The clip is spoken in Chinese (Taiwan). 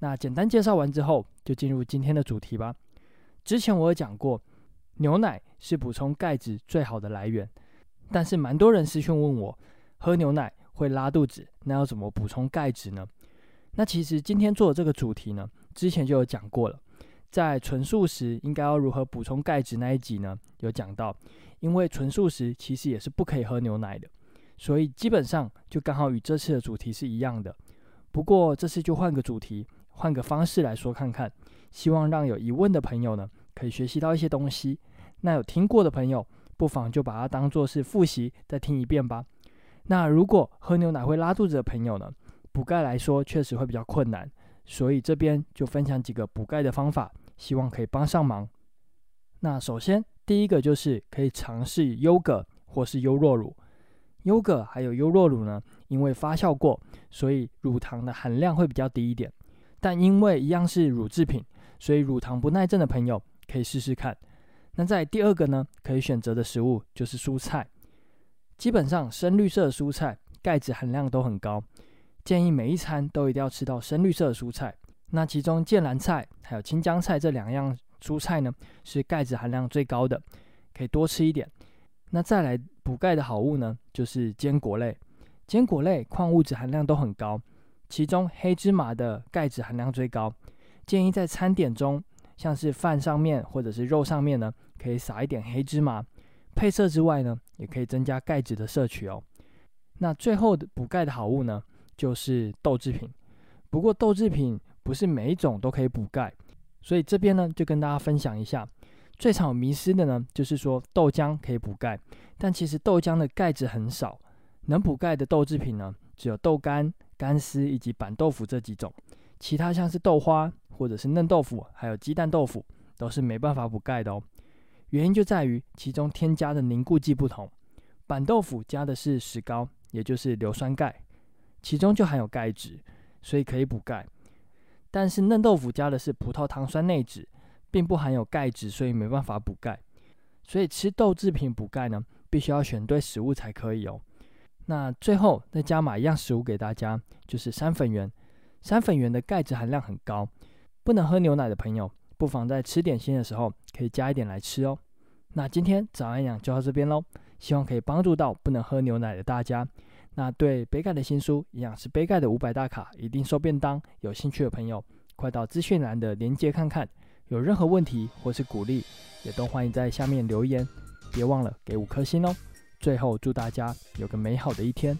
那簡單介紹完之後，就進入今天的主題吧。之前我有講過，牛奶是補充鈣質最好的來源，但是蠻多人私訊問我，喝牛奶會拉肚子，那要怎麼補充鈣質呢？那其實今天做的這個主題呢，之前就有講過了，在純素食應該要如何補充鈣質那一集呢，有講到，因為純素食其實也是不可以喝牛奶的，所以基本上就剛好與這次的主題是一樣的，不過這次就換個主題，換個方式來說看看，希望讓有疑問的朋友呢可以學習到一些東西。那有聽過的朋友，不妨就把它當做是複習，再聽一遍吧。那如果喝牛奶會拉肚子的朋友呢，補鈣來說確實會比較困難，所以這邊就分享幾個補鈣的方法，希望可以幫上忙。那首先第一個就是可以嘗試優格或是優酪乳，優格還有優酪乳呢，因為發酵過，所以乳糖的含量會比較低一點。但因為一樣是乳制品，所以乳糖不耐症的朋友可以試試看。那在第二個呢，可以選擇的食物就是蔬菜。基本上深綠色的蔬菜鈣質含量都很高，建議每一餐都一定要吃到深綠色的蔬菜。那其中芥蘭菜還有青江菜這兩樣蔬菜呢，是鈣質含量最高的，可以多吃一點。那再來補鈣的好物呢，就是堅果類。堅果類礦物質含量都很高。其中黑芝麻的鈣質含量最高，建議在餐點中，像是飯上面或者是肉上面呢，可以撒一點黑芝麻，配色之外呢，也可以增加鈣質的攝取哦。那最後的補鈣的好物呢，就是豆製品。不過豆製品不是每一種都可以補鈣，所以這邊呢就跟大家分享一下，最常有迷思的呢，就是說豆漿可以補鈣，但其實豆漿的鈣質很少，能補鈣的豆製品呢，只有豆干、干絲以及板豆腐這幾種，其他像是豆花或者是嫩豆腐，還有雞蛋豆腐都是沒辦法補鈣的哦。原因就在於其中添加的凝固劑不同，板豆腐加的是石膏，也就是硫酸鈣，其中就含有鈣質，所以可以補鈣。但是嫩豆腐加的是葡萄糖酸內酯，並不含有鈣質，所以沒辦法補鈣。所以吃豆製品補鈣呢，必須要選對食物才可以哦。那最後再加碼一樣食物給大家，就是山粉圓。山粉圓的鈣質含量很高，不能喝牛奶的朋友，不妨在吃點心的時候可以加一點來吃哦。那今天早安營養就到這邊嘍，希望可以幫助到不能喝牛奶的大家。那對杯蓋的新書《營養師杯蓋的五百大卡》一定瘦便當，有興趣的朋友快到資訊欄的鏈接看看。有任何問題或是鼓勵，也都歡迎在下面留言，別忘了給五顆星哦。最後，祝大家有個美好的一天。